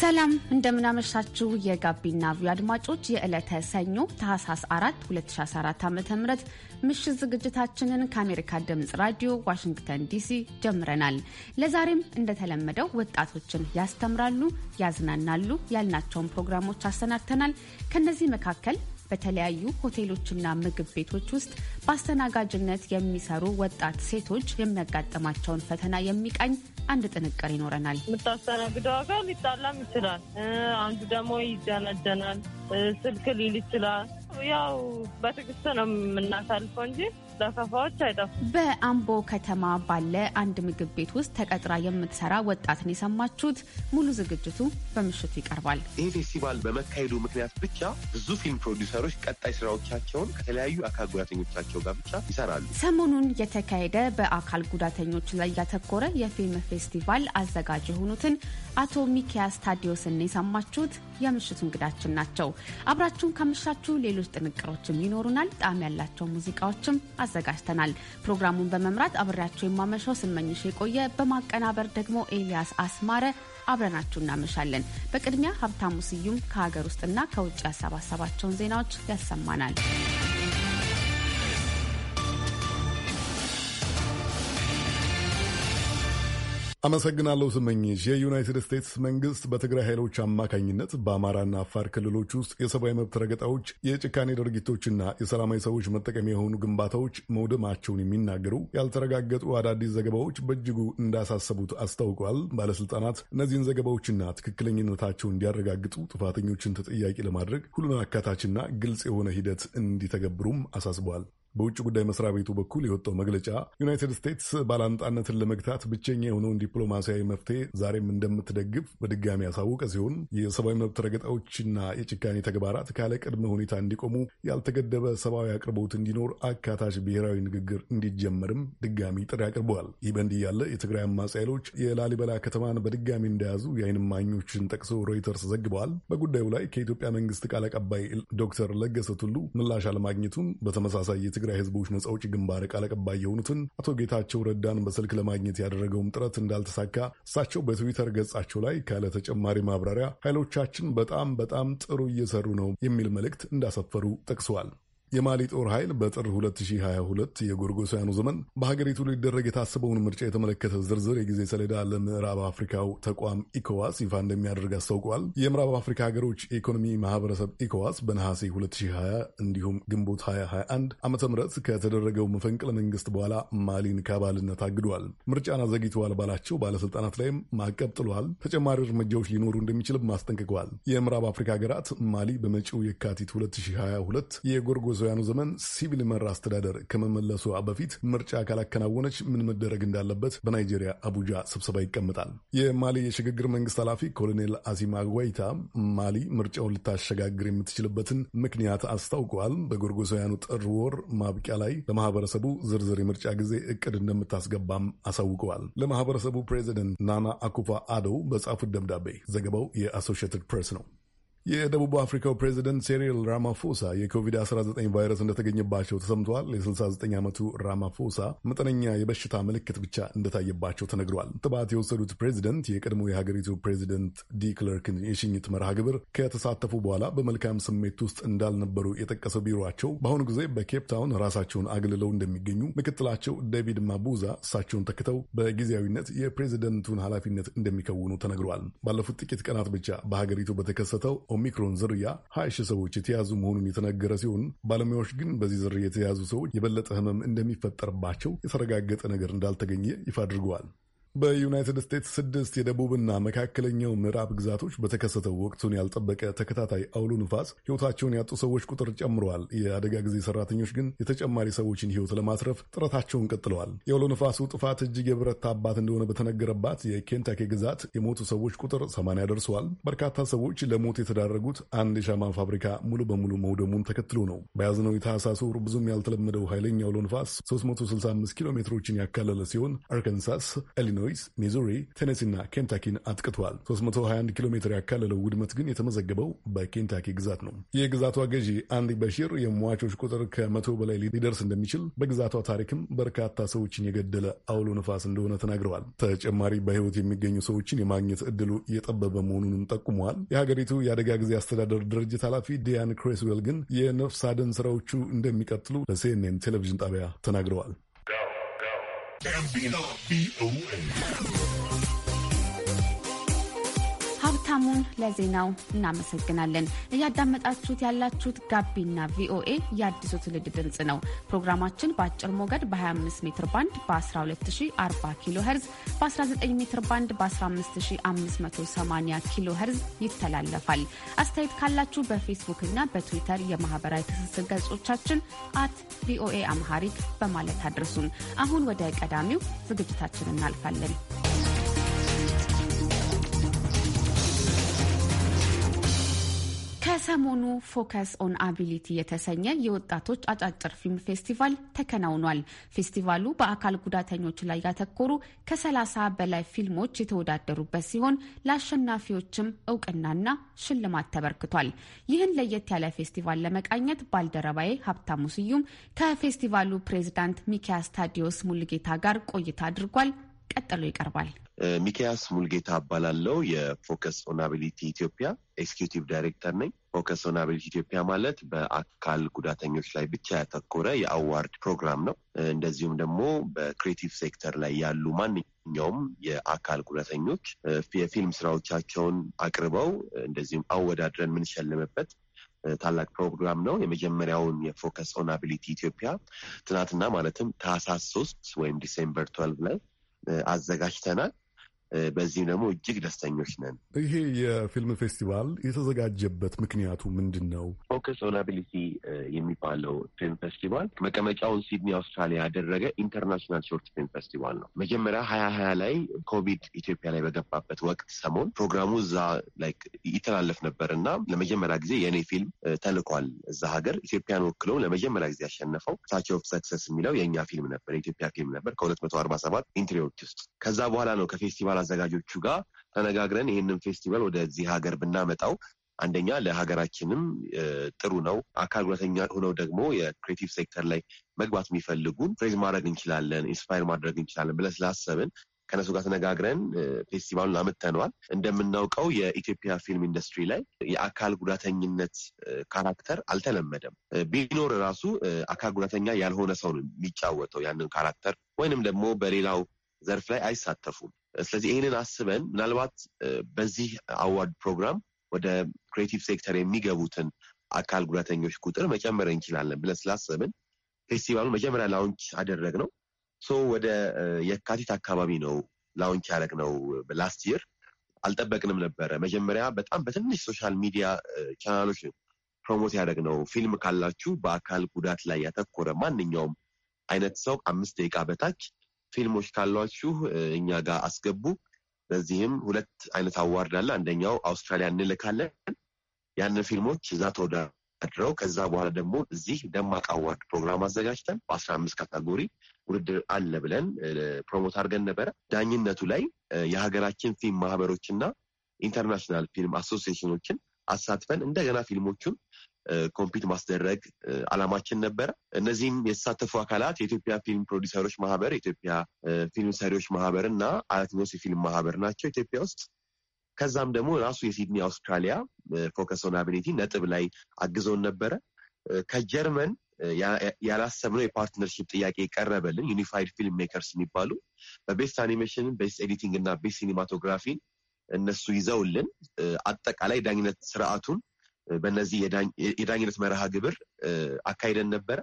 ሰላም እንደምናመሻችሁ የጋቢና ቪ አድማጮች የዕለተ ሰኞ ታህሳስ 4 2014 ዓ ም ምሽት ዝግጅታችንን ከአሜሪካ ድምፅ ራዲዮ ዋሽንግተን ዲሲ ጀምረናል። ለዛሬም እንደተለመደው ወጣቶችን ያስተምራሉ፣ ያዝናናሉ ያልናቸውን ፕሮግራሞች አሰናድተናል። ከነዚህ መካከል በተለያዩ ሆቴሎችና ምግብ ቤቶች ውስጥ በአስተናጋጅነት የሚሰሩ ወጣት ሴቶች የሚያጋጥማቸውን ፈተና የሚቃኝ አንድ ጥንቅር ይኖረናል። የምታስተናግደው ጋር ሊጣላም ይችላል። አንዱ ደግሞ ይጀነጀናል፣ ስልክ ሊል ይችላል። ያው በትዕግስት ነው የምናሳልፈው እንጂ በአምቦ ከተማ ባለ አንድ ምግብ ቤት ውስጥ ተቀጥራ የምትሰራ ወጣትን የሰማችሁት። ሙሉ ዝግጅቱ በምሽቱ ይቀርባል። ይህ ፌስቲቫል በመካሄዱ ምክንያት ብቻ ብዙ ፊልም ፕሮዲውሰሮች ቀጣይ ስራዎቻቸውን ከተለያዩ አካል ጉዳተኞቻቸው ጋር ብቻ ይሰራሉ። ሰሞኑን የተካሄደ በአካል ጉዳተኞች ላይ ያተኮረ የፊልም ፌስቲቫል አዘጋጅ የሆኑትን አቶ ሚኪያስ ታዲዮስን የሰማችሁት የምሽቱ እንግዳችን ናቸው። አብራችሁን ከምሻችሁ ሌሎች ጥንቅሮችም ይኖሩናል። ጣዕም ያላቸው ሙዚቃዎችም አዘጋጅተናል። ፕሮግራሙን በመምራት አብሬያቸው የማመሻው ስመኝሽ የቆየ፣ በማቀናበር ደግሞ ኤልያስ አስማረ አብረናችሁ እናመሻለን። በቅድሚያ ሀብታሙ ስዩም ከሀገር ውስጥና ከውጭ ያሰባሰባቸውን ዜናዎች ያሰማናል። አመሰግናለሁ ስመኝሽ። የዩናይትድ ስቴትስ መንግስት በትግራይ ኃይሎች አማካኝነት በአማራና አፋር ክልሎች ውስጥ የሰብአዊ መብት ረገጣዎች፣ የጭካኔ ድርጊቶችና የሰላማዊ ሰዎች መጠቀሚያ የሆኑ ግንባታዎች መውደማቸውን የሚናገሩ ያልተረጋገጡ አዳዲስ ዘገባዎች በእጅጉ እንዳሳሰቡት አስታውቋል። ባለስልጣናት እነዚህን ዘገባዎችና ትክክለኝነታቸውን እንዲያረጋግጡ ጥፋተኞችን ተጠያቂ ለማድረግ ሁሉን አካታችና ግልጽ የሆነ ሂደት እንዲተገብሩም አሳስበዋል። በውጭ ጉዳይ መስሪያ ቤቱ በኩል የወጣው መግለጫ ዩናይትድ ስቴትስ ባላንጣነትን ለመግታት ብቸኛ የሆነውን ዲፕሎማሲያዊ መፍትሄ ዛሬም እንደምትደግፍ በድጋሚ ያሳወቀ ሲሆን የሰብአዊ መብት ረገጣዎችና የጭካኔ ተግባራት ካለ ቅድመ ሁኔታ እንዲቆሙ፣ ያልተገደበ ሰብአዊ አቅርቦት እንዲኖር፣ አካታች ብሔራዊ ንግግር እንዲጀመርም ድጋሚ ጥሪ አቅርበዋል። ይህ በእንዲህ ያለ የትግራይ አማጺ ኃይሎች የላሊበላ ከተማን በድጋሚ እንደያዙ የአይን እማኞችን ጠቅሶ ሮይተርስ ዘግበዋል። በጉዳዩ ላይ ከኢትዮጵያ መንግስት ቃል አቀባይ ዶክተር ለገሰ ቱሉ ምላሽ አለማግኘቱን በተመሳሳይ የትግራይ ህዝቦች ነጻ አውጪ ግንባር ቃል አቀባይ የሆኑትን አቶ ጌታቸው ረዳን በስልክ ለማግኘት ያደረገውም ጥረት እንዳልተሳካ እሳቸው በትዊተር ገጻቸው ላይ ካለ ተጨማሪ ማብራሪያ ኃይሎቻችን በጣም በጣም ጥሩ እየሰሩ ነው የሚል መልእክት እንዳሰፈሩ ጠቅሰዋል። የማሊ ጦር ኃይል በጥር 2022 የጎርጎሳያኑ ዘመን በሀገሪቱ ሊደረግ የታሰበውን ምርጫ የተመለከተ ዝርዝር የጊዜ ሰሌዳ ለምዕራብ አፍሪካው ተቋም ኢኮዋስ ይፋ እንደሚያደርግ አስታውቋል። የምዕራብ አፍሪካ ሀገሮች የኢኮኖሚ ማህበረሰብ ኢኮዋስ በነሐሴ 2020 እንዲሁም ግንቦት 2021 ዓ ም ከተደረገው መፈንቅለ መንግስት በኋላ ማሊን ከአባልነት አግዷል። ምርጫን አዘግይተዋል ባላቸው ባለስልጣናት ላይም ማዕቀብ ጥሏል። ተጨማሪ እርምጃዎች ሊኖሩ እንደሚችልም አስጠንቅቀዋል። የምዕራብ አፍሪካ ሀገራት ማሊ በመጪው የካቲት 2022 የጎርጎ በጎርጎሳውያኑ ዘመን ሲቪል መር አስተዳደር ከመመለሱ በፊት ምርጫ ካላከናወነች ምን መደረግ እንዳለበት በናይጄሪያ አቡጃ ስብሰባ ይቀመጣል። የማሊ የሽግግር መንግስት ኃላፊ ኮሎኔል አሲማ ጓይታ ማሊ ምርጫውን ልታሸጋግር የምትችልበትን ምክንያት አስታውቀዋል። በጎርጎሳውያኑ ጥር ወር ማብቂያ ላይ ለማህበረሰቡ ዝርዝር የምርጫ ጊዜ እቅድ እንደምታስገባም አሳውቀዋል። ለማህበረሰቡ ፕሬዚደንት ናና አኩፋ አዶ በጻፉት ደብዳቤ ዘገባው የአሶሺየትድ ፕሬስ ነው። የደቡብ አፍሪካው ፕሬዚደንት ሴሪል ራማፎሳ የኮቪድ-19 ቫይረስ እንደተገኘባቸው ተሰምተዋል። የ69 ዓመቱ ራማፎሳ መጠነኛ የበሽታ ምልክት ብቻ እንደታየባቸው ተነግሯል። ትባት የወሰዱት ፕሬዚደንት የቀድሞ የሀገሪቱ ፕሬዚደንት ዲክለርክን የሽኝት መርሃ ግብር ከተሳተፉ በኋላ በመልካም ስሜት ውስጥ እንዳልነበሩ የጠቀሰው ቢሮቸው በአሁኑ ጊዜ በኬፕ ታውን ራሳቸውን አግልለው እንደሚገኙ ምክትላቸው ዴቪድ ማቡዛ እሳቸውን ተክተው በጊዜያዊነት የፕሬዚደንቱን ኃላፊነት እንደሚከውኑ ተነግሯል። ባለፉት ጥቂት ቀናት ብቻ በሀገሪቱ በተከሰተው ኦሚክሮን ዝርያ 20 ሺህ ሰዎች የተያዙ መሆኑን የተነገረ ሲሆን ባለሙያዎች ግን በዚህ ዝርያ የተያዙ ሰዎች የበለጠ ህመም እንደሚፈጠርባቸው የተረጋገጠ ነገር እንዳልተገኘ ይፋ አድርገዋል። በዩናይትድ ስቴትስ ስድስት የደቡብና መካከለኛው ምዕራብ ግዛቶች በተከሰተው ወቅቱን ያልጠበቀ ተከታታይ አውሎ ንፋስ ሕይወታቸውን ያጡ ሰዎች ቁጥር ጨምረዋል። የአደጋ ጊዜ ሰራተኞች ግን የተጨማሪ ሰዎችን ሕይወት ለማስረፍ ጥረታቸውን ቀጥለዋል። የአውሎ ንፋሱ ጥፋት እጅግ የበረታባት እንደሆነ በተነገረባት የኬንታኪ ግዛት የሞቱ ሰዎች ቁጥር ሰማንያ ደርሰዋል። በርካታ ሰዎች ለሞት የተዳረጉት አንድ የሻማ ፋብሪካ ሙሉ በሙሉ መውደሙን ተከትሎ ነው። በያዝነው የታህሳስ ወር ብዙም ያልተለመደው ኃይለኛ አውሎ ንፋስ 365 ኪሎ ሜትሮችን ያካለለ ሲሆን አርካንሳስ ኤሊኖ ኢሊኖይስ፣ ሚዙሪ፣ ቴነሲና ኬንታኪን አጥቅቷል። 321 ኪሎ ሜትር ያካለለው ውድመት ግን የተመዘገበው በኬንታኪ ግዛት ነው። የግዛቷ ገዢ አንዲ በሺር የሟቾች ቁጥር ከመቶ በላይ ሊደርስ እንደሚችል በግዛቷ ታሪክም በርካታ ሰዎችን የገደለ አውሎ ነፋስ እንደሆነ ተናግረዋል። ተጨማሪ በህይወት የሚገኙ ሰዎችን የማግኘት እድሉ እየጠበበ መሆኑንም ጠቁመዋል። የሀገሪቱ የአደጋ ጊዜ አስተዳደር ድርጅት ኃላፊ ዲያን ክሬስዌል ግን የነፍስ አድን ስራዎቹ እንደሚቀጥሉ ለሲኤንኤን ቴሌቪዥን ጣቢያ ተናግረዋል። Bambino, B-O-A. ሀብታሙን ለዜናው እናመሰግናለን። እያዳመጣችሁት ያላችሁት ጋቢና ቪኦኤ የአዲሱ ትውልድ ድምፅ ነው። ፕሮግራማችን በአጭር ሞገድ በ25 ሜትር ባንድ በ12040 ኪሎ ሄርዝ፣ 1240 ኪሎ ሄርዝ ይተላለፋል። አስተያየት ካላችሁ በፌስቡክ እና በትዊተር የማህበራዊ ትስስር ገጾቻችን አት ቪኦኤ አምሃሪክ በማለት አድርሱን። አሁን ወደ ቀዳሚው ዝግጅታችን እናልፋለን። ከሰሞኑ ፎከስ ኦን አቢሊቲ የተሰኘ የወጣቶች አጫጭር ፊልም ፌስቲቫል ተከናውኗል። ፌስቲቫሉ በአካል ጉዳተኞች ላይ ያተኮሩ ከ30 በላይ ፊልሞች የተወዳደሩበት ሲሆን ለአሸናፊዎችም እውቅናና ሽልማት ተበርክቷል። ይህን ለየት ያለ ፌስቲቫል ለመቃኘት ባልደረባዬ ሀብታሙ ስዩም ከፌስቲቫሉ ፕሬዝዳንት ሚኪያስ ታዲዮስ ሙልጌታ ጋር ቆይታ አድርጓል። ቀጥሎ ይቀርባል። ሚኪያስ ሙልጌታ እባላለሁ። የፎከስ ኦን ኢትዮጵያ ኤክስኪዩቲቭ ዳይሬክተር ነኝ። ፎከስ ኦን ኢትዮጵያ ማለት በአካል ጉዳተኞች ላይ ብቻ ያተኮረ የአዋርድ ፕሮግራም ነው። እንደዚሁም ደግሞ በክሬቲቭ ሴክተር ላይ ያሉ ማንኛውም የአካል ጉዳተኞች የፊልም ስራዎቻቸውን አቅርበው እንደዚሁም አወዳድረን የምንሸልምበት ታላቅ ፕሮግራም ነው። የመጀመሪያውን የፎከስ ኦን ኢትዮጵያ ትናንትና ማለትም ታህሳስ ሶስት ወይም ዲሴምበር ትዌልቭ ላይ አዘጋጅተናል። በዚህም ደግሞ እጅግ ደስተኞች ነን። ይሄ የፊልም ፌስቲቫል የተዘጋጀበት ምክንያቱ ምንድን ነው? ፎከስ ኦን አቢሊቲ የሚባለው ፊልም ፌስቲቫል መቀመጫውን ሲድኒ አውስትራሊያ ያደረገ ኢንተርናሽናል ሾርት ፊልም ፌስቲቫል ነው። መጀመሪያ ሀያ ሀያ ላይ ኮቪድ ኢትዮጵያ ላይ በገባበት ወቅት ሰሞን ፕሮግራሙ እዛ ላይክ ይተላለፍ ነበር እና ለመጀመሪያ ጊዜ የእኔ ፊልም ተልኳል እዛ ሀገር ኢትዮጵያን ወክለው ለመጀመሪያ ጊዜ ያሸነፈው ታች ኦፍ ሰክሰስ የሚለው የእኛ ፊልም ነበር፣ የኢትዮጵያ ፊልም ነበር ከሁለት መቶ አርባ ሰባት ኢንትሪዎች ውስጥ ከዛ በኋላ ነው ከፌስቲቫል አዘጋጆቹ ጋር ተነጋግረን ይህንን ፌስቲቫል ወደዚህ ሀገር ብናመጣው አንደኛ ለሀገራችንም ጥሩ ነው። አካል ጉዳተኛ ሆነው ደግሞ የክሬቲቭ ሴክተር ላይ መግባት የሚፈልጉን ፍሬዝ ማድረግ እንችላለን፣ ኢንስፓየር ማድረግ እንችላለን ብለን ስላሰብን ከነሱ ጋር ተነጋግረን ፌስቲቫሉን አምጥተነዋል። እንደምናውቀው የኢትዮጵያ ፊልም ኢንዱስትሪ ላይ የአካል ጉዳተኝነት ካራክተር አልተለመደም። ቢኖር ራሱ አካል ጉዳተኛ ያልሆነ ሰው ነው የሚጫወተው ያንን ካራክተር ወይንም ደግሞ በሌላው ዘርፍ ላይ አይሳተፉም። ስለዚህ ይህንን አስበን ምናልባት በዚህ አዋርድ ፕሮግራም ወደ ክሬቲቭ ሴክተር የሚገቡትን አካል ጉዳተኞች ቁጥር መጨመር እንችላለን ብለን ስላሰብን ፌስቲቫሉ መጀመሪያ ላውንች አደረግ ነው ሶ ወደ የካቲት አካባቢ ነው ላውንች ያደረግ ነው ላስት ይር አልጠበቅንም ነበረ። መጀመሪያ በጣም በትንሽ ሶሻል ሚዲያ ቻናሎች ፕሮሞት ያደረግ ነው። ፊልም ካላችሁ በአካል ጉዳት ላይ ያተኮረ ማንኛውም አይነት ሰው አምስት ደቂቃ በታች ፊልሞች ካሏችሁ እኛ ጋር አስገቡ። በዚህም ሁለት አይነት አዋርድ አለ። አንደኛው አውስትራሊያ እንልካለን ያንን ፊልሞች እዛ ተወዳድረው ከዛ በኋላ ደግሞ እዚህ ደማቅ አዋርድ ፕሮግራም አዘጋጅተን በአስራ አምስት ካታጎሪ ውድድር አለ ብለን ፕሮሞት አድርገን ነበረ። ዳኝነቱ ላይ የሀገራችን ፊልም ማህበሮችና ኢንተርናሽናል ፊልም አሶሲሽኖችን አሳትፈን እንደገና ፊልሞቹን ኮምፒት ማስደረግ አላማችን ነበረ። እነዚህም የተሳተፉ አካላት የኢትዮጵያ ፊልም ፕሮዲሰሮች ማህበር፣ የኢትዮጵያ ፊልም ሰሪዎች ማህበር እና አያትኖስ የፊልም ማህበር ናቸው ኢትዮጵያ ውስጥ። ከዛም ደግሞ ራሱ የሲድኒ አውስትራሊያ ፎከስ ኦን አቢሊቲ ነጥብ ላይ አግዘውን ነበረ። ከጀርመን ያላሰብነው የፓርትነርሽፕ ጥያቄ ቀረበልን። ዩኒፋይድ ፊልም ሜከርስ የሚባሉ በቤስት አኒሜሽን፣ ቤስት ኤዲቲንግ እና ቤስት ሲኒማቶግራፊን እነሱ ይዘውልን አጠቃላይ ዳኝነት ስርዓቱን በእነዚህ የዳኝነት መርሃ ግብር አካሂደን ነበረ።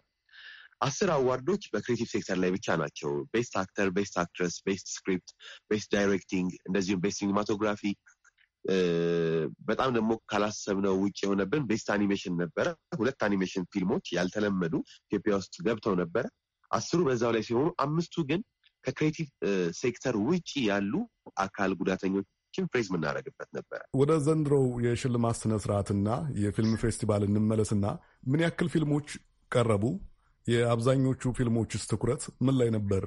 አስር አዋርዶች በክሬቲቭ ሴክተር ላይ ብቻ ናቸው። ቤስት አክተር፣ ቤስት አክትረስ፣ ቤስት ስክሪፕት፣ ቤስት ዳይሬክቲንግ እንደዚሁም ቤስት ሲኒማቶግራፊ በጣም ደግሞ ካላሰብነው ውጭ የሆነብን ቤስት አኒሜሽን ነበረ። ሁለት አኒሜሽን ፊልሞች ያልተለመዱ ኢትዮጵያ ውስጥ ገብተው ነበረ። አስሩ በዛው ላይ ሲሆኑ አምስቱ ግን ከክሬቲቭ ሴክተር ውጭ ያሉ አካል ጉዳተኞች ፊልሞችን ፕሬዝ የምናደርግበት ነበረ። ወደ ዘንድሮው የሽልማት ስነስርዓትና የፊልም ፌስቲቫል እንመለስና ምን ያክል ፊልሞች ቀረቡ? የአብዛኞቹ ፊልሞችስ ትኩረት ምን ላይ ነበር?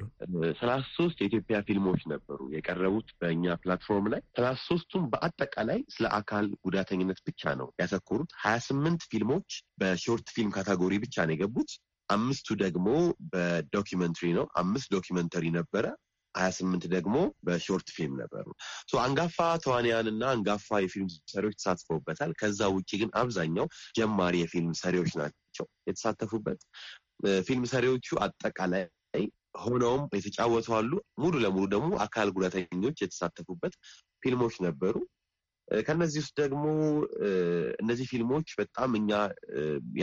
ሰላሳ ሶስት የኢትዮጵያ ፊልሞች ነበሩ የቀረቡት በእኛ ፕላትፎርም ላይ። ሰላሳ ሶስቱም በአጠቃላይ ስለ አካል ጉዳተኝነት ብቻ ነው ያተኮሩት። ሀያ ስምንት ፊልሞች በሾርት ፊልም ካታጎሪ ብቻ ነው የገቡት። አምስቱ ደግሞ በዶኪመንተሪ ነው። አምስት ዶኪመንተሪ ነበረ። ሀያ ስምንት ደግሞ በሾርት ፊልም ነበሩ። አንጋፋ ተዋንያንና አንጋፋ የፊልም ሰሪዎች ተሳትፈውበታል። ከዛ ውጭ ግን አብዛኛው ጀማሪ የፊልም ሰሪዎች ናቸው የተሳተፉበት። ፊልም ሰሪዎቹ አጠቃላይ ሆነውም የተጫወቱ አሉ። ሙሉ ለሙሉ ደግሞ አካል ጉዳተኞች የተሳተፉበት ፊልሞች ነበሩ። ከነዚህ ውስጥ ደግሞ እነዚህ ፊልሞች በጣም እኛ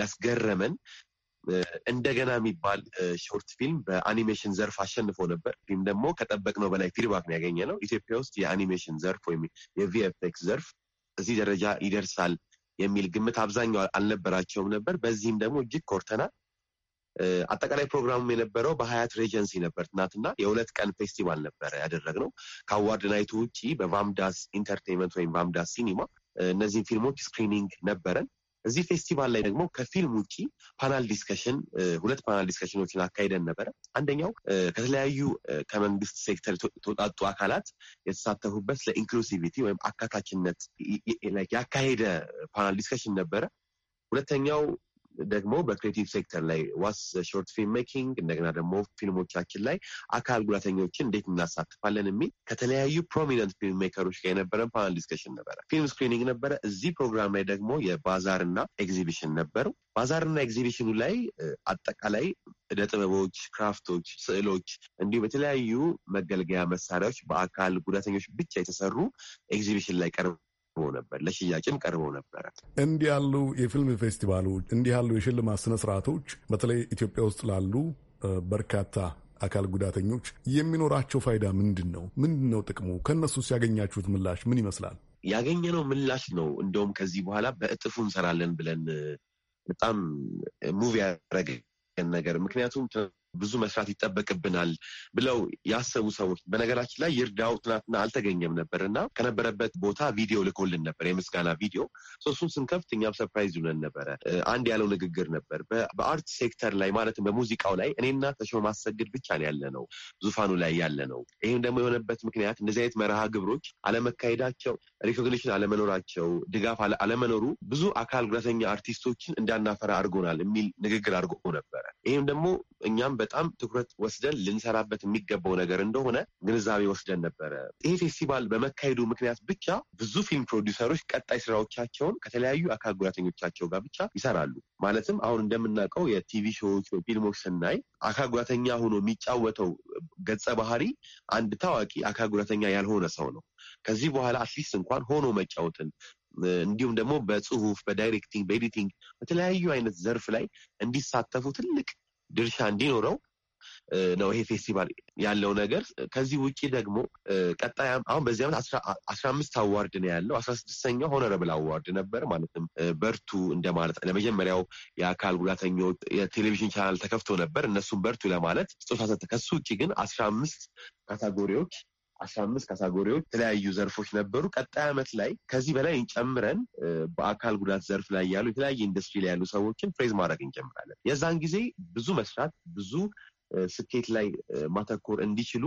ያስገረመን እንደገና የሚባል ሾርት ፊልም በአኒሜሽን ዘርፍ አሸንፎ ነበር። ፊልም ደግሞ ከጠበቅነው በላይ ፊድባክ ነው ያገኘ ነው። ኢትዮጵያ ውስጥ የአኒሜሽን ዘርፍ ወይም የቪኤፍኤክስ ዘርፍ እዚህ ደረጃ ይደርሳል የሚል ግምት አብዛኛው አልነበራቸውም ነበር። በዚህም ደግሞ እጅግ ኮርተናል። አጠቃላይ ፕሮግራሙ የነበረው በሀያት ሬጀንሲ ነበር። ትናንትና የሁለት ቀን ፌስቲቫል ነበረ ያደረግነው ከአዋርድ ናይቱ ውጭ በቫምዳስ ኢንተርቴንመንት ወይም ቫምዳስ ሲኒማ እነዚህን ፊልሞች ስክሪኒንግ ነበረን። እዚህ ፌስቲቫል ላይ ደግሞ ከፊልም ውጭ ፓናል ዲስከሽን ሁለት ፓናል ዲስከሽኖችን አካሂደን ነበረ። አንደኛው ከተለያዩ ከመንግስት ሴክተር የተወጣጡ አካላት የተሳተፉበት ለኢንክሉሲቪቲ ወይም አካታችነት ያካሄደ ፓናል ዲስከሽን ነበረ። ሁለተኛው ደግሞ በክሬቲቭ ሴክተር ላይ ዋስ ሾርት ፊልም ሜኪንግ እንደገና ደግሞ ፊልሞቻችን ላይ አካል ጉዳተኞችን እንዴት እናሳትፋለን የሚል ከተለያዩ ፕሮሚነንት ፊልም ሜከሮች ጋር የነበረን ፓናል ዲስከሽን ነበረ። ፊልም ስክሪኒንግ ነበረ። እዚህ ፕሮግራም ላይ ደግሞ የባዛርና ኤግዚቢሽን ነበሩ። ባዛርና ኤግዚቢሽኑ ላይ አጠቃላይ እደ ጥበቦች፣ ክራፍቶች፣ ስዕሎች እንዲሁም የተለያዩ መገልገያ መሳሪያዎች በአካል ጉዳተኞች ብቻ የተሰሩ ኤግዚቢሽን ላይ ቀርበው ቀርቦ ነበር፣ ለሽያጭም ቀርቦ ነበረ። እንዲህ ያሉ የፊልም ፌስቲቫሎች፣ እንዲህ ያሉ የሽልማት ስነ ስርዓቶች በተለይ ኢትዮጵያ ውስጥ ላሉ በርካታ አካል ጉዳተኞች የሚኖራቸው ፋይዳ ምንድን ነው? ምንድን ነው ጥቅሙ? ከእነሱስ ያገኛችሁት ምላሽ ምን ይመስላል? ያገኘነው ምላሽ ነው እንደውም ከዚህ በኋላ በእጥፉ እንሰራለን ብለን በጣም ሙቭ ያደረገን ነገር ምክንያቱም ብዙ መስራት ይጠበቅብናል ብለው ያሰቡ ሰዎች በነገራችን ላይ ይርዳው ትናንትና አልተገኘም ነበር እና ከነበረበት ቦታ ቪዲዮ ልኮልን ነበር፣ የምስጋና ቪዲዮ እሱን ስንከፍት እኛም ሰርፕራይዝ ይሆነን ነበረ። አንድ ያለው ንግግር ነበር። በአርት ሴክተር ላይ ማለትም በሙዚቃው ላይ እኔና ተሾመ ማሰግድ ብቻ ነው ያለ ነው ዙፋኑ ላይ ያለ ነው። ይህም ደግሞ የሆነበት ምክንያት እንደዚህ አይነት መርሃ ግብሮች አለመካሄዳቸው፣ ሪኮግኒሽን አለመኖራቸው፣ ድጋፍ አለመኖሩ ብዙ አካል ጉዳተኛ አርቲስቶችን እንዳናፈራ አድርጎናል የሚል ንግግር አድርጎ ነበረ። ይህም ደግሞ እኛም በጣም ትኩረት ወስደን ልንሰራበት የሚገባው ነገር እንደሆነ ግንዛቤ ወስደን ነበረ። ይሄ ፌስቲቫል በመካሄዱ ምክንያት ብቻ ብዙ ፊልም ፕሮዲውሰሮች ቀጣይ ስራዎቻቸውን ከተለያዩ አካል ጉዳተኞቻቸው ጋር ብቻ ይሰራሉ። ማለትም አሁን እንደምናውቀው የቲቪ ሾዎች፣ ፊልሞች ስናይ አካል ጉዳተኛ ሆኖ የሚጫወተው ገጸ ባህሪ አንድ ታዋቂ አካል ጉዳተኛ ያልሆነ ሰው ነው። ከዚህ በኋላ አትሊስት እንኳን ሆኖ መጫወትን እንዲሁም ደግሞ በጽሁፍ፣ በዳይሬክቲንግ፣ በኤዲቲንግ በተለያዩ አይነት ዘርፍ ላይ እንዲሳተፉ ትልቅ ድርሻ እንዲኖረው ነው ይሄ ፌስቲቫል ያለው ነገር። ከዚህ ውጭ ደግሞ ቀጣይ አሁን በዚህ ዓመት አስራ አምስት አዋርድ ነው ያለው። አስራ ስድስተኛው ሆነረብል አዋርድ ነበር። ማለትም በርቱ እንደማለት ለመጀመሪያው የአካል ጉዳተኞች የቴሌቪዥን ቻናል ተከፍቶ ነበር። እነሱም በርቱ ለማለት ስጦታ ሰጠ። ከሱ ውጭ ግን አስራ አምስት ካታጎሪዎች አስራ አምስት ካሳጎሪዎች የተለያዩ ዘርፎች ነበሩ። ቀጣይ ዓመት ላይ ከዚህ በላይ ጨምረን በአካል ጉዳት ዘርፍ ላይ ያሉ የተለያየ ኢንዱስትሪ ላይ ያሉ ሰዎችን ፍሬዝ ማድረግ እንጀምራለን። የዛን ጊዜ ብዙ መስራት ብዙ ስኬት ላይ ማተኮር እንዲችሉ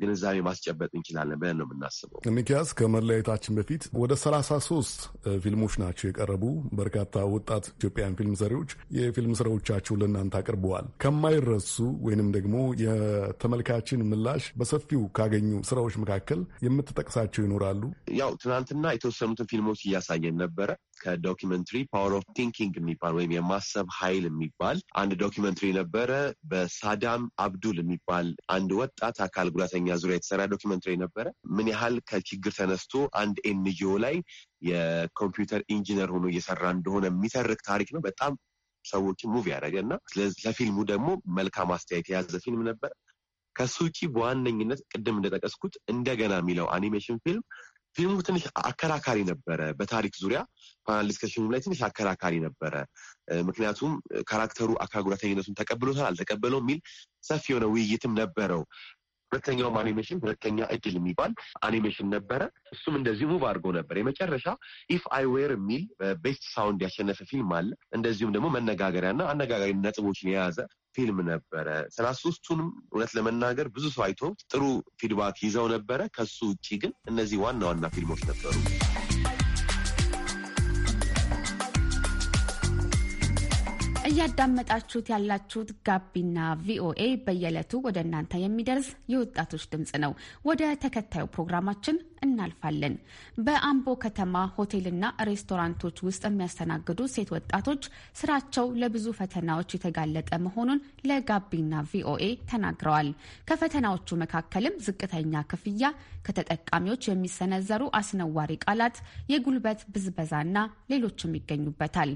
ግንዛቤ ማስጨበጥ እንችላለን ብለን ነው የምናስበው። ሚኪያስ፣ ከመለያየታችን በፊት ወደ ሰላሳ ሶስት ፊልሞች ናቸው የቀረቡ። በርካታ ወጣት ኢትዮጵያን ፊልም ሰሪዎች የፊልም ስራዎቻቸው ለእናንተ አቅርበዋል። ከማይረሱ ወይንም ደግሞ የተመልካችን ምላሽ በሰፊው ካገኙ ስራዎች መካከል የምትጠቅሳቸው ይኖራሉ? ያው ትናንትና የተወሰኑትን ፊልሞች እያሳየን ነበረ። ከዶኪመንትሪ ፓወር ኦፍ ቲንኪንግ የሚባል ወይም የማሰብ ኃይል የሚባል አንድ ዶኪመንትሪ ነበረ። በሳዳም አብዱል የሚባል አንድ ወጣት አካል ጉዳተኛ ዙሪያ የተሰራ ዶኪመንትሪ ነበረ። ምን ያህል ከችግር ተነስቶ አንድ ኤንጂኦ ላይ የኮምፒውተር ኢንጂነር ሆኖ እየሰራ እንደሆነ የሚተርክ ታሪክ ነው። በጣም ሰዎችን ሙቪ ያደረገ እና ለፊልሙ ደግሞ መልካም አስተያየት የያዘ ፊልም ነበር። ከሱ ውጪ በዋነኝነት ቅድም እንደጠቀስኩት እንደገና የሚለው አኒሜሽን ፊልም ፊልሙ ትንሽ አከራካሪ ነበረ። በታሪክ ዙሪያ ፓናል ዲስከሽኑ ላይ ትንሽ አከራካሪ ነበረ። ምክንያቱም ካራክተሩ አካል ጉዳተኝነቱን ተቀብሎታል አልተቀበለው የሚል ሰፊ የሆነ ውይይትም ነበረው። ሁለተኛውም አኒሜሽን ሁለተኛ እድል የሚባል አኒሜሽን ነበረ። እሱም እንደዚህ ሙቭ አድርጎ ነበር። የመጨረሻ ኢፍ አይ ዌር የሚል ቤስት ሳውንድ ያሸነፈ ፊልም አለ። እንደዚሁም ደግሞ መነጋገሪያና አነጋጋሪ ነጥቦችን የያዘ ፊልም ነበረ። ሰላሳ ሶስቱንም እውነት ለመናገር ብዙ ሰው አይቶ ጥሩ ፊድባክ ይዘው ነበረ። ከሱ ውጭ ግን እነዚህ ዋና ዋና ፊልሞች ነበሩ። እያዳመጣችሁት ያላችሁት ጋቢና ቪኦኤ በየዕለቱ ወደ እናንተ የሚደርስ የወጣቶች ድምፅ ነው። ወደ ተከታዩ ፕሮግራማችን እናልፋለን። በአምቦ ከተማ ሆቴልና ሬስቶራንቶች ውስጥ የሚያስተናግዱ ሴት ወጣቶች ስራቸው ለብዙ ፈተናዎች የተጋለጠ መሆኑን ለጋቢና ቪኦኤ ተናግረዋል። ከፈተናዎቹ መካከልም ዝቅተኛ ክፍያ፣ ከተጠቃሚዎች የሚሰነዘሩ አስነዋሪ ቃላት፣ የጉልበት ብዝበዛና ሌሎችም ይገኙበታል።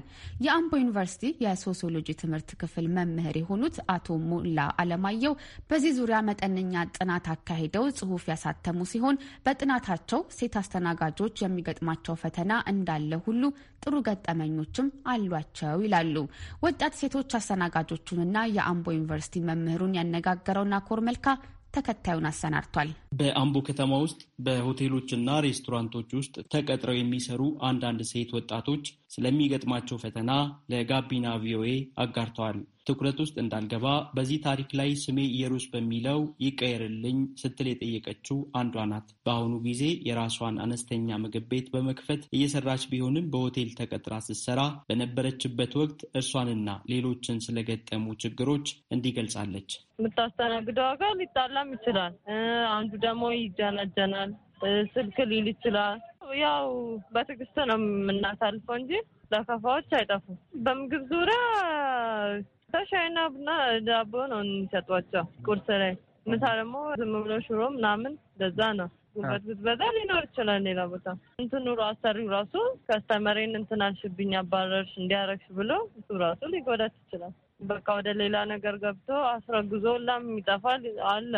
የአምቦ ዩኒቨርሲቲ የሶሲዮሎጂ ትምህርት ክፍል መምህር የሆኑት አቶ ሙላ አለማየሁ በዚህ ዙሪያ መጠነኛ ጥናት አካሂደው ጽሁፍ ያሳተሙ ሲሆን በጥናት በሙያዎቻቸው ሴት አስተናጋጆች የሚገጥማቸው ፈተና እንዳለ ሁሉ ጥሩ ገጠመኞችም አሏቸው ይላሉ። ወጣት ሴቶች አስተናጋጆቹንና የአምቦ ዩኒቨርሲቲ መምህሩን ያነጋገረው ናኮር መልካ ተከታዩን አሰናድቷል። በአምቦ ከተማ ውስጥ በሆቴሎችና ሬስቶራንቶች ውስጥ ተቀጥረው የሚሰሩ አንዳንድ ሴት ወጣቶች ስለሚገጥማቸው ፈተና ለጋቢና ቪኦኤ አጋርተዋል። ትኩረት ውስጥ እንዳልገባ በዚህ ታሪክ ላይ ስሜ ኢየሩስ በሚለው ይቀየርልኝ ስትል የጠየቀችው አንዷ ናት። በአሁኑ ጊዜ የራሷን አነስተኛ ምግብ ቤት በመክፈት እየሰራች ቢሆንም በሆቴል ተቀጥራ ስትሰራ በነበረችበት ወቅት እርሷንና ሌሎችን ስለገጠሙ ችግሮች እንዲህ ገልጻለች። የምታስተናግደው ጋር ሊጣላም ይችላል። አንዱ ደግሞ ይጀናጀናል፣ ስልክ ሊል ይችላል። ያው በትዕግስት ነው የምናሳልፈው እንጂ ለከፋዎች አይጠፉም። በምግብ ዙሪያ ሻይና ቡና ዳቦ ነው የሚሰጧቸው ቁርስ ላይ። ምሳ ደግሞ ዝም ብሎ ሽሮ ምናምን ደዛ ነው። ጉበት ብትበዛ ሊኖር ይችላል። ሌላ ቦታ እንትኑ አሰሪው ራሱ ከስተመሬን እንትን አልሽብኝ፣ አባረርሽ፣ እንዲያረግሽ ብሎ እሱ ራሱ ሊጎዳት ይችላል። በቃ ወደ ሌላ ነገር ገብቶ አስረግዞ ላም ይጠፋል አለ።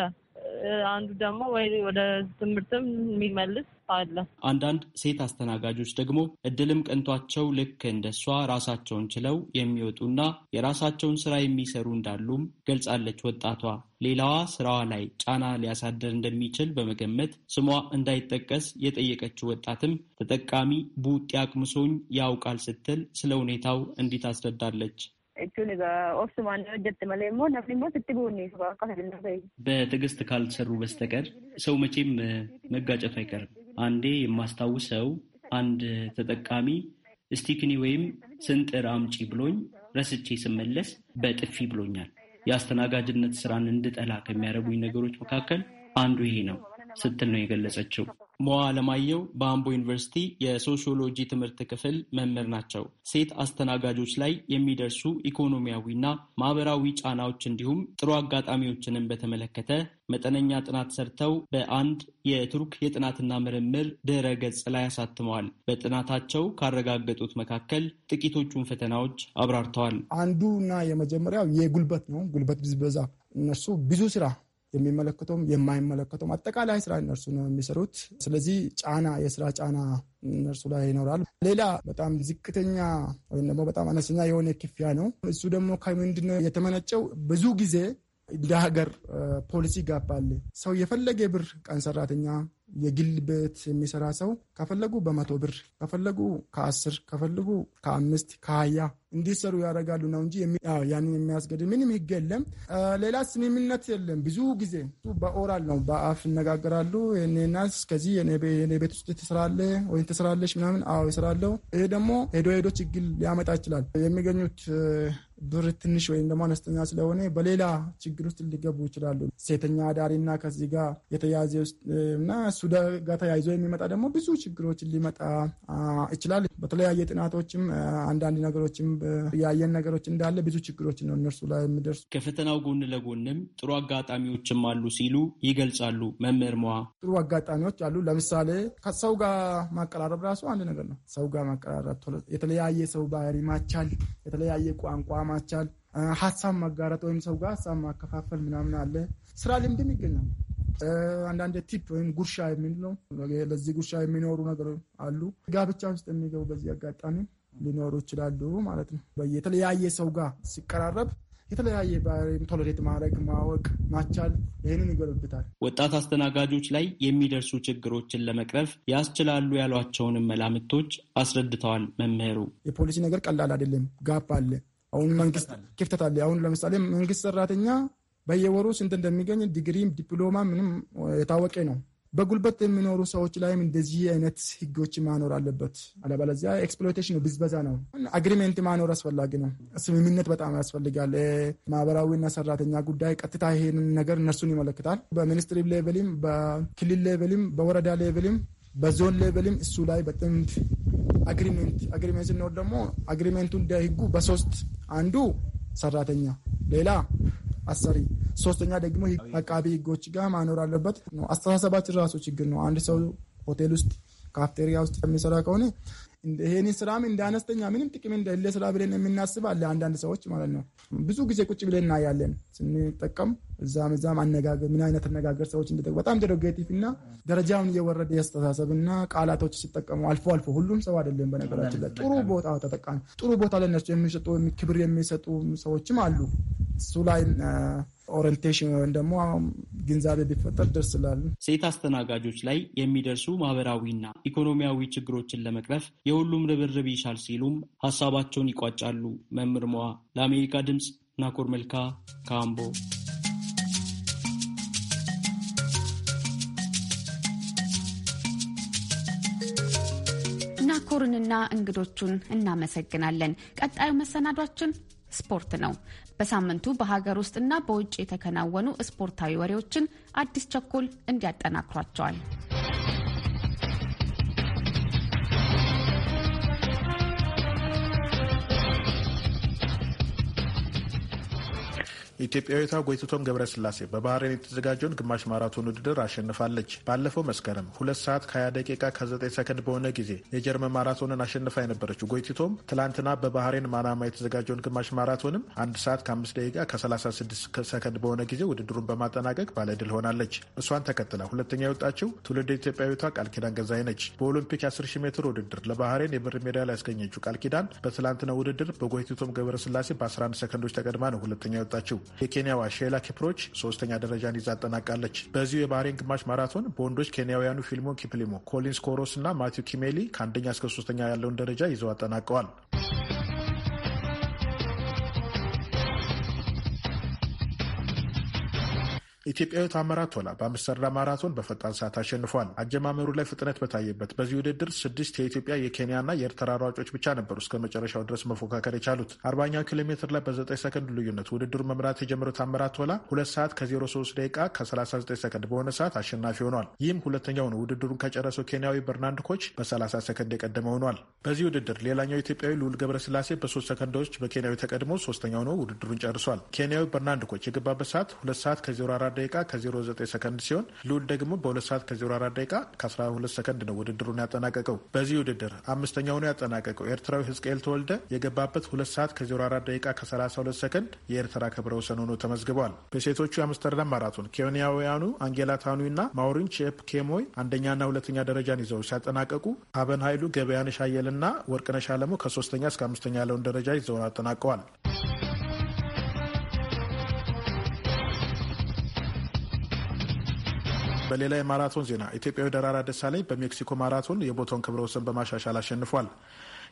አንዱ ደግሞ ወይ ወደ ትምህርትም የሚመልስ አለ። አንዳንድ ሴት አስተናጋጆች ደግሞ እድልም ቀንቷቸው ልክ እንደሷ ራሳቸውን ችለው የሚወጡና የራሳቸውን ስራ የሚሰሩ እንዳሉም ገልጻለች ወጣቷ። ሌላዋ ስራዋ ላይ ጫና ሊያሳደር እንደሚችል በመገመት ስሟ እንዳይጠቀስ የጠየቀችው ወጣትም ተጠቃሚ ቡጢ አቅምሶኝ ያውቃል ስትል ስለ ሁኔታው እንዲህ እቹን ኦብሱማን ወጀት ሞ ነፍኒ ሞ ስትቡኒ በትዕግስት ካልሰሩ በስተቀር ሰው መቼም መጋጨቱ አይቀርም። አንዴ የማስታውሰው አንድ ተጠቃሚ ስቲክኒ ወይም ስንጥር አምጪ ብሎኝ ረስቼ ስመለስ በጥፊ ብሎኛል። የአስተናጋጅነት ስራን እንድጠላ ከሚያደርጉኝ ነገሮች መካከል አንዱ ይሄ ነው ስትል ነው የገለጸችው። ሞዋ አለማየው በአምቦ ዩኒቨርሲቲ የሶሺዮሎጂ ትምህርት ክፍል መምህር ናቸው። ሴት አስተናጋጆች ላይ የሚደርሱ ኢኮኖሚያዊና ማህበራዊ ጫናዎች እንዲሁም ጥሩ አጋጣሚዎችንም በተመለከተ መጠነኛ ጥናት ሰርተው በአንድ የቱርክ የጥናትና ምርምር ድረ ገጽ ላይ አሳትመዋል። በጥናታቸው ካረጋገጡት መካከል ጥቂቶቹን ፈተናዎች አብራርተዋል። አንዱና የመጀመሪያው የጉልበት ነው። ጉልበት ብዝበዛ እነሱ ብዙ ስራ የሚመለከተውም የማይመለከተውም አጠቃላይ ስራ እነርሱ ነው የሚሰሩት። ስለዚህ ጫና የስራ ጫና እነርሱ ላይ ይኖራል። ሌላ በጣም ዝቅተኛ ወይም ደግሞ በጣም አነስተኛ የሆነ ክፍያ ነው። እሱ ደግሞ ከምንድን ነው የተመነጨው? ብዙ ጊዜ እንደ ሀገር ፖሊሲ ጋባል ሰው የፈለገ ብር ቀን ሰራተኛ የግል ቤት የሚሰራ ሰው ከፈለጉ በመቶ ብር ከፈለጉ ከአስር ከፈለጉ ከአምስት ከሀያ እንዲሰሩ ያደርጋሉ ነው እንጂ ያንን የሚያስገድ ምንም ህግ የለም። ሌላ ስምምነት የለም። ብዙ ጊዜ በኦራል ነው በአፍ ይነጋገራሉ። ና እስከዚህ የኔ ቤት ውስጥ ትስራለ ወይ ትስራለች ምናምን። አዎ ይስራለው። ይሄ ደግሞ ሄዶ ሄዶ ችግር ሊያመጣ ይችላል። የሚገኙት ብር ትንሽ ወይም ደግሞ አነስተኛ ስለሆነ በሌላ ችግር ውስጥ ሊገቡ ይችላሉ። ሴተኛ አዳሪ ከዚህ ጋር የተያዘ ውስጥ እና እሱ ጋር ተያይዞ የሚመጣ ደግሞ ብዙ ችግሮች ሊመጣ ይችላል። በተለያየ ጥናቶችም አንዳንድ ነገሮችም ያየን ነገሮች እንዳለ ብዙ ችግሮች ነው እነርሱ ላይ የሚደርሱ። ከፈተናው ጎን ለጎንም ጥሩ አጋጣሚዎችም አሉ ሲሉ ይገልጻሉ መምህር መዋ። ጥሩ አጋጣሚዎች አሉ። ለምሳሌ ከሰው ጋር ማቀራረብ ራሱ አንድ ነገር ነው። ሰው ጋር ማቀራረብ፣ የተለያየ ሰው ባህሪ ማቻል፣ የተለያየ ቋንቋ ማቻል፣ ሀሳብ መጋረጥ ወይም ሰው ጋር ሀሳብ ማከፋፈል ምናምን አለ። ስራ ልምድም ይገኛል። አንዳንድ ቲፕ ወይም ጉርሻ የሚል ነው። ለዚህ ጉርሻ የሚኖሩ ነገር አሉ። ጋብቻ ውስጥ የሚገቡ በዚህ አጋጣሚ ሊኖሩ ይችላሉ ማለት ነው። የተለያየ ሰው ጋር ሲቀራረብ የተለያየ ባህሪም ቶሎሬት ማድረግ ማወቅ ማቻል ይህንን ይጎለብታል። ወጣት አስተናጋጆች ላይ የሚደርሱ ችግሮችን ለመቅረፍ ያስችላሉ ያሏቸውንም መላምቶች አስረድተዋል መምህሩ። የፖሊሲ ነገር ቀላል አይደለም፣ ጋፕ አለ። አሁን መንግስት ክፍተት አለ። አሁን ለምሳሌ መንግስት ሰራተኛ በየወሩ ስንት እንደሚገኝ ዲግሪም ዲፕሎማ ምንም የታወቀ ነው። በጉልበት የሚኖሩ ሰዎች ላይም እንደዚህ አይነት ህጎች ማኖር አለበት። አለበለዚያ ኤክስፕሎቴሽን ነው፣ ብዝበዛ ነው። አግሪሜንት ማኖር አስፈላጊ ነው። ስምምነት በጣም ያስፈልጋል። ማህበራዊና ሰራተኛ ጉዳይ ቀጥታ ይሄን ነገር እነርሱን ይመለክታል። በሚኒስትሪ ሌቨልም፣ በክልል ሌቨልም፣ በወረዳ ሌቨልም፣ በዞን ሌቨልም እሱ ላይ በጥንት አግሪሜንት አግሪሜንት ስንሆን ደግሞ አግሪሜንቱ እንደ ህጉ በሶስት አንዱ ሰራተኛ ሌላ አሰሪ፣ ሶስተኛ ደግሞ አቃቢ ህጎች ጋር ማኖር አለበት ነው። አስተሳሰባችን ራሱ ችግር ነው። አንድ ሰው ሆቴል ውስጥ ካፍቴሪያ ውስጥ የሚሰራ ከሆነ ይህን ስራም እንደ አነስተኛ ምንም ጥቅም እንደሌለ ስራ ብለን የምናስባለ አንዳንድ ሰዎች ማለት ነው። ብዙ ጊዜ ቁጭ ብለን እናያለን ስንጠቀም፣ እዛም እዛም አነጋገር ምን አይነት አነጋገር ሰዎች እንደ በጣም ደሮጌቲቭ እና ደረጃውን እየወረደ ያስተሳሰብ እና ቃላቶች ሲጠቀሙ አልፎ አልፎ ሁሉም ሰው አይደለም። በነገራችን ላይ ጥሩ ቦታ ተጠቃሚ ጥሩ ቦታ ለነሱ የሚሸጡ ክብር የሚሰጡ ሰዎችም አሉ። እሱ ላይ ኦሪንቴሽን ወይም ደግሞ ግንዛቤ ቢፈጠር ደስ ይላል። ሴት አስተናጋጆች ላይ የሚደርሱ ማህበራዊና ኢኮኖሚያዊ ችግሮችን ለመቅረፍ የሁሉም ርብርብ ይሻል ሲሉም ሀሳባቸውን ይቋጫሉ። መምህር መዋ ለአሜሪካ ድምፅ ናኮር መልካ ካምቦ ናኮርንና እንግዶቹን እናመሰግናለን። ቀጣዩ መሰናዷችን ስፖርት ነው። በሳምንቱ በሀገር ውስጥና በውጭ የተከናወኑ ስፖርታዊ ወሬዎችን አዲስ ቸኮል እንዲያጠናክሯቸዋል። ኢትዮጵያዊቷ ጎይትቶም ገብረስላሴ በባህሬን የተዘጋጀውን ግማሽ ማራቶን ውድድር አሸንፋለች። ባለፈው መስከረም ሁለት ሰዓት ከ20 ደቂቃ ከ9 ሰከንድ በሆነ ጊዜ የጀርመን ማራቶንን አሸንፋ የነበረችው ጎይትቶም ትላንትና በባህሬን ማናማ የተዘጋጀውን ግማሽ ማራቶንም አንድ ሰዓት ከ5 ደቂቃ ከ36 ሰከንድ በሆነ ጊዜ ውድድሩን በማጠናቀቅ ባለድል ሆናለች። እሷን ተከትላ ሁለተኛ የወጣችው ትውልድ ኢትዮጵያዊቷ ቃል ኪዳን ገዛይ ነች። በኦሎምፒክ 10 ሺህ ሜትር ውድድር ለባህሬን የብር ሜዳሊያ ያስገኘችው ቃል ኪዳን በትላንትና ውድድር በጎይትቶም ገብረስላሴ በ11 ሰከንዶች ተቀድማ ነው ሁለተኛ የወጣችው። የኬንያዋ ሼላ ኪፕሮች ሶስተኛ ደረጃን ይዛ አጠናቃለች። በዚሁ የባህሬን ግማሽ ማራቶን በወንዶች ኬንያውያኑ ፊልሞን ኪፕሊሞ፣ ኮሊንስ ኮሮስ እና ማቲው ኪሜሊ ከአንደኛ እስከ ሶስተኛ ያለውን ደረጃ ይዘው አጠናቀዋል። ኢትዮጵያዊት አመራ ቶላ በአምስተርዳም ማራቶን በፈጣን ሰዓት አሸንፏል። አጀማመሩ ላይ ፍጥነት በታየበት በዚህ ውድድር ስድስት የኢትዮጵያ የኬንያና የኤርትራ ሯጮች ብቻ ነበሩ እስከ መጨረሻው ድረስ መፎካከር የቻሉት። አርባኛው ኪሎ ሜትር ላይ በዘጠኝ ሰከንድ ልዩነት ውድድሩ መምራት የጀመረው አመራ ቶላ ሁለት ሰዓት ከ03 ደቂቃ ከ39 ሰከንድ በሆነ ሰዓት አሸናፊ ሆኗል። ይህም ሁለተኛው ነው። ውድድሩን ከጨረሰው ኬንያዊ በርናንድ ኮች በ30 ሰከንድ የቀደመ ሆኗል። በዚህ ውድድር ሌላኛው ኢትዮጵያዊ ልዑል ገብረስላሴ በሶስት ሰከንዶች በኬንያዊ ተቀድሞ ሶስተኛው ነው ውድድሩን ጨርሷል። ኬንያዊ በርናንድ ኮች የገባበት ሰዓት ሁለት ሰዓት ከ04 ደቂቃ ከ09 ሰከንድ ሲሆን ልዑል ደግሞ በ2 ሰዓት ከ04 ደቂቃ ከ12 ሰከንድ ነው ውድድሩን ያጠናቀቀው። በዚህ ውድድር አምስተኛ ሆኖ ያጠናቀቀው ኤርትራዊ ህዝቅኤል ተወልደ የገባበት 2 ሰዓት ከ04 ደቂቃ ከ32 ሰከንድ የኤርትራ ክብረ ወሰን ሆኖ ተመዝግቧል። በሴቶቹ የአምስተርዳም ማራቶን ኬንያውያኑ አንጌላ ታኑ እና ማውሪን ቼፕ ኬሞይ አንደኛና ሁለተኛ ደረጃን ይዘው ሲያጠናቀቁ አበን ኃይሉ፣ ገበያነሽ አየልና ወርቅነሽ አለሙ ከሶስተኛ እስከ አምስተኛ ያለውን ደረጃ ይዘውን አጠናቀዋል። በሌላ የማራቶን ዜና ኢትዮጵያዊ ደራራ ደሳለኝ በሜክሲኮ ማራቶን የቦታውን ክብረ ወሰን በማሻሻል አሸንፏል።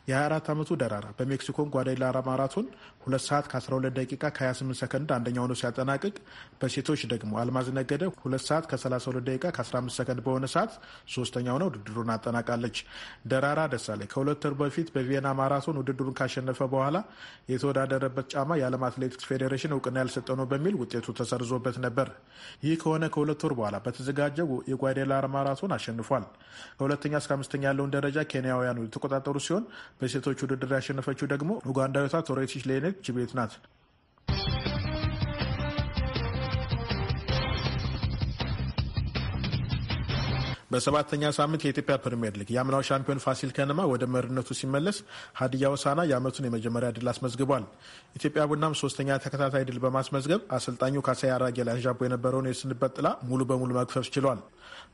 የ24 ዓመቱ ደራራ በሜክሲኮን ጓዳይላራ ማራቶን 2 ሰዓት ከ12 ደቂቃ ከ28 ሰከንድ አንደኛ ሆኖ ሲያጠናቅቅ በሴቶች ደግሞ አልማዝ ነገደ 2 ሰዓት ከ32 ደቂቃ ከ15 ሰከንድ በሆነ ሰዓት ሶስተኛ ሆነ ውድድሩን አጠናቃለች። ደራራ ደሳለኝ ከሁለት ወር በፊት በቪየና ማራቶን ውድድሩን ካሸነፈ በኋላ የተወዳደረበት ጫማ የዓለም አትሌቲክስ ፌዴሬሽን እውቅና ያልሰጠ ነው በሚል ውጤቱ ተሰርዞበት ነበር። ይህ ከሆነ ከሁለት ወር በኋላ በተዘጋጀው የጓዴላራ ማራቶን አሸንፏል። ከሁለተኛ እስከ አምስተኛ ያለውን ደረጃ ኬንያውያኑ የተቆጣጠሩ ሲሆን በሴቶች ውድድር ያሸነፈችው ደግሞ ኡጋንዳዊቷ ቶሬቲሽ ሌኔት ችቤት ናት። በሰባተኛ ሳምንት የኢትዮጵያ ፕሪምየር ሊግ የአምናው ሻምፒዮን ፋሲል ከነማ ወደ መሪነቱ ሲመለስ ሀዲያ ሆሳዕና የዓመቱን የመጀመሪያ ድል አስመዝግቧል። ኢትዮጵያ ቡናም ሶስተኛ ተከታታይ ድል በማስመዝገብ አሰልጣኙ ካሳይ አራጌ ላይ አንዣቦ የነበረውን የስንበት ጥላ ሙሉ በሙሉ መግፈፍ ችሏል።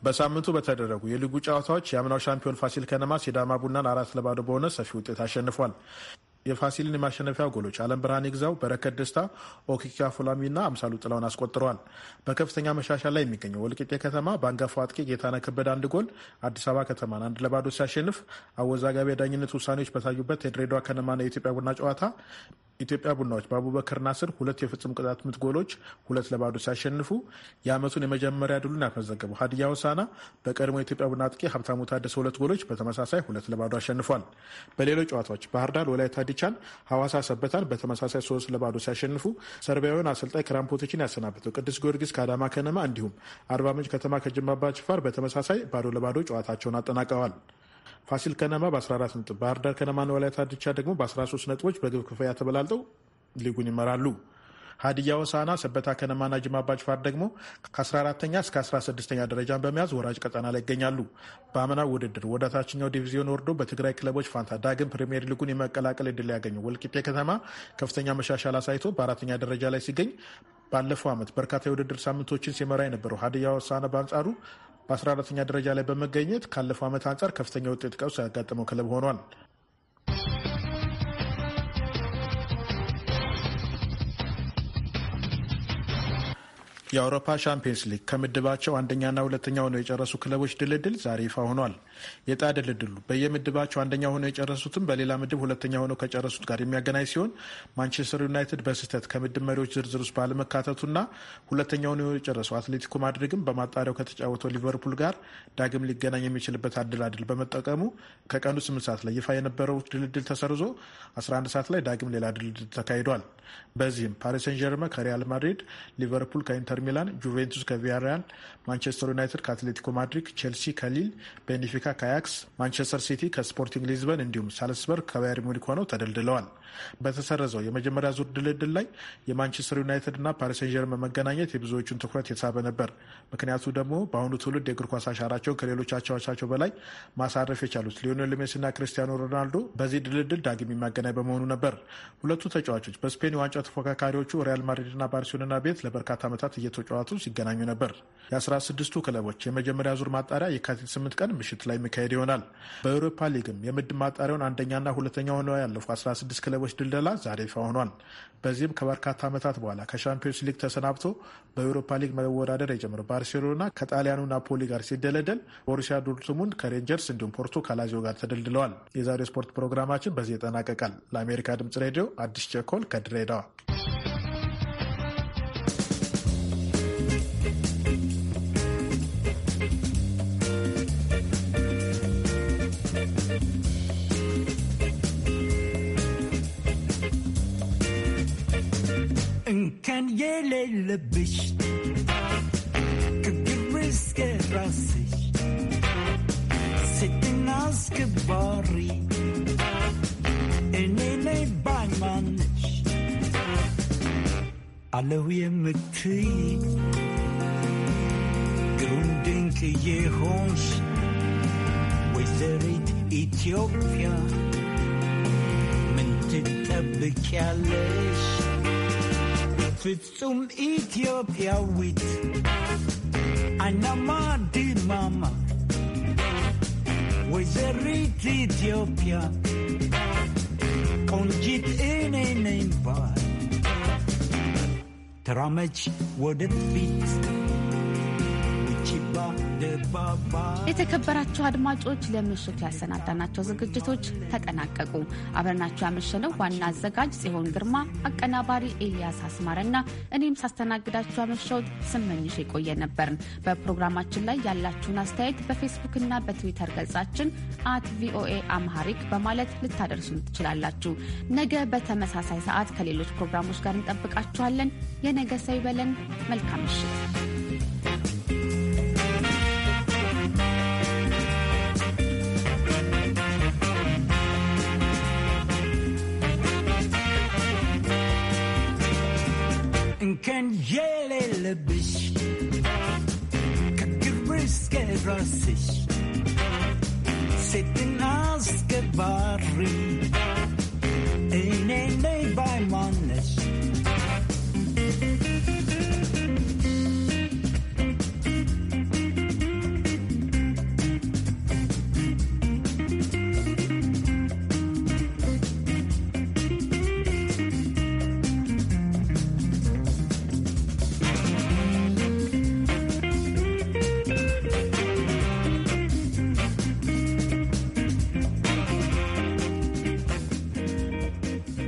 በሳምንቱ በተደረጉ የሊጉ ጨዋታዎች የአምናው ሻምፒዮን ፋሲል ከነማ ሲዳማ ቡናን አራት ለባዶ በሆነ ሰፊ ውጤት አሸንፏል። የፋሲልን የማሸነፊያ ጎሎች አለም ብርሃን ይግዛው፣ በረከት ደስታ፣ ኦኪኪያ ፉላሚና አምሳሉ ጥላውን አስቆጥረዋል። በከፍተኛ መሻሻል ላይ የሚገኘው ወልቂጤ ከተማ በአንጋፋው አጥቂ ጌታነ ከበደ አንድ ጎል አዲስ አበባ ከተማን አንድ ለባዶ ሲያሸንፍ አወዛጋቢ የዳኝነት ውሳኔዎች በታዩበት የድሬዳዋ ከነማና የኢትዮጵያ ቡና ጨዋታ ኢትዮጵያ ቡናዎች በአቡበከር ናስር ሁለት የፍጹም ቅጣት ምት ጎሎች ሁለት ለባዶ ሲያሸንፉ የአመቱን የመጀመሪያ ድሉን ያስመዘገቡ ሀዲያ ሆሳዕና በቀድሞ የኢትዮጵያ ቡና አጥቂ ሀብታሙ ታደሰ ሁለት ጎሎች በተመሳሳይ ሁለት ለባዶ አሸንፏል። በሌሎች ጨዋታዎች ባህር ዳር ወላይታ ዲቻን፣ ሐዋሳ ሰበታን በተመሳሳይ ሶስት ለባዶ ሲያሸንፉ ሰርቢያዊውን አሰልጣኝ ክራምፖቶችን ያሰናበተው ቅዱስ ጊዮርጊስ ከአዳማ ከነማ እንዲሁም አርባ ምንጭ ከተማ ከጅማ ጅፋር በተመሳሳይ ባዶ ለባዶ ጨዋታቸውን አጠናቀዋል። ፋሲል ከነማ በ14 ነጥብ፣ ባህርዳር ዳር ከነማና ወላይታ ድቻ ደግሞ በ13 ነጥቦች በግብ ክፍያ ተበላልጠው ሊጉን ይመራሉ። ሀዲያ ሆሳዕና፣ ሰበታ ከነማና ጅማ አባጅፋር ደግሞ ከ14ተኛ እስከ 16ተኛ ደረጃን በመያዝ ወራጅ ቀጠና ላይ ይገኛሉ። በአምናው ውድድር ወደ ታችኛው ዲቪዚዮን ወርዶ በትግራይ ክለቦች ፋንታ ዳግም ፕሪምየር ሊጉን የመቀላቀል እድል ያገኘው ወልቂጤ ከተማ ከፍተኛ መሻሻል አሳይቶ በአራተኛ ደረጃ ላይ ሲገኝ፣ ባለፈው ዓመት በርካታ የውድድር ሳምንቶችን ሲመራ የነበረው ሀዲያ ሆሳዕና በአንጻሩ በ 14 ተኛ ደረጃ ላይ በመገኘት ካለፈው ዓመት አንጻር ከፍተኛ ውጤት ቀውስ ያጋጠመው ክለብ ሆኗል። የአውሮፓ ሻምፒየንስ ሊግ ከምድባቸው አንደኛና ሁለተኛ ሆነው የጨረሱ ክለቦች ድልድል ዛሬ ይፋ ሆኗል። የጣ ድልድሉ በየምድባቸው አንደኛ ሆነው የጨረሱትም በሌላ ምድብ ሁለተኛ ሆነው ከጨረሱት ጋር የሚያገናኝ ሲሆን ማንቸስተር ዩናይትድ በስህተት ከምድብ መሪዎች ዝርዝር ውስጥ ባለመካተቱና ሁለተኛ ሆነው የጨረሰው አትሌቲኮ ማድሪድም በማጣሪያው ከተጫወተው ሊቨርፑል ጋር ዳግም ሊገናኝ የሚችልበት አደላድል በመጠቀሙ ከቀኑ ስምንት ሰዓት ላይ ይፋ የነበረው ድልድል ተሰርዞ 11 ሰዓት ላይ ዳግም ሌላ ድልድል ተካሂዷል። በዚህም ፓሪስ ሰን ከሪያል ማድሪድ፣ ሊቨርፑል ከኢንተር ከኢንተር ሚላን፣ ጁቬንቱስ ከቪያሪያል፣ ማንቸስተር ዩናይትድ ከአትሌቲኮ ማድሪድ፣ ቼልሲ ከሊል፣ ቤንፊካ ከአያክስ፣ ማንቸስተር ሲቲ ከስፖርቲንግ ሊዝበን እንዲሁም ሳልስበርግ ከባየር ሙኒክ ሆነው ተደልድለዋል። በተሰረዘው የመጀመሪያ ዙር ድልድል ላይ የማንቸስተር ዩናይትድ እና ሴን መገናኘት የብዙዎቹን ትኩረት የሳበ ነበር። ምክንያቱ ደግሞ በአሁኑ ትውልድ የእግር ኳስ አሻራቸውን ከሌሎች አቻዎቻቸው በላይ ማሳረፍ የቻሉት ሊዮኔል ሜሲና ክርስቲያኖ ሮናልዶ በዚህ ድልድል ዳግም የሚያገናኝ በመሆኑ ነበር። ሁለቱ ተጫዋቾች በስፔን የዋንጫ ተፎካካሪዎቹ ሪያል ማድሪድና ባርሴሎና ቤት ለበርካታ ዓመታት እየ ተጫዋቱ ሲገናኙ ነበር። የአስራ ስድስቱ ክለቦች የመጀመሪያ ዙር ማጣሪያ የካቲት ስምንት ቀን ምሽት ላይ የሚካሄድ ይሆናል። በአውሮፓ ሊግም የምድብ ማጣሪያውን አንደኛና ሁለተኛ ሆነው ያለፉ አስራ ስድስት ክለቦች ድልደላ ዛሬ ይፋ ሆኗል። በዚህም ከበርካታ ዓመታት በኋላ ከሻምፒዮንስ ሊግ ተሰናብቶ በአውሮፓ ሊግ መወዳደር የጀመረው ባርሴሎና ከጣሊያኑ ናፖሊ ጋር ሲደለደል፣ ቦሩሲያ ዶርትሙንድ ከሬንጀርስ እንዲሁም ፖርቶ ከላዚዮ ጋር ተደልድለዋል። የዛሬው ስፖርት ፕሮግራማችን በዚህ ይጠናቀቃል። ለአሜሪካ ድምጽ ሬዲዮ አዲስ ቸኮል ከድሬዳዋ የሌለብሽ ከግር እስከ ራስሽ ሴትና አስከባሪ እኔ ነኝ ባይማንሽ አለሁ የምትይ ግሩም ድንቅ የሆንሽ ወይዘሪት ኢትዮጵያ ምን ትጠብቂያለሽ? ፍጹም ኢትዮጵያዊት አናማ ዲማማ ወይዘሪት ኢትዮጵያ ቆንጂት እኔ ነኝ ባል ተራመች ወደፊት የተከበራችሁ አድማጮች ለምሽቱ ያሰናዳናቸው ዝግጅቶች ተጠናቀቁ። አብረናችሁ ያመሸነው ዋና አዘጋጅ ጽዮን ግርማ፣ አቀናባሪ ኤልያስ አስማረና እኔም ሳስተናግዳችሁ ያመሸሁት ስመኝሽ የቆየ ነበርን። በፕሮግራማችን ላይ ያላችሁን አስተያየት በፌስቡክና በትዊተር ገጻችን አት ቪኦኤ አምሃሪክ በማለት ልታደርሱን ትችላላችሁ። ነገ በተመሳሳይ ሰዓት ከሌሎች ፕሮግራሞች ጋር እንጠብቃችኋለን። የነገ ሰው ይበለን። መልካም ምሽት። can yele bish Kakirbriske rasish Sitten aske barri Ene ne bay manish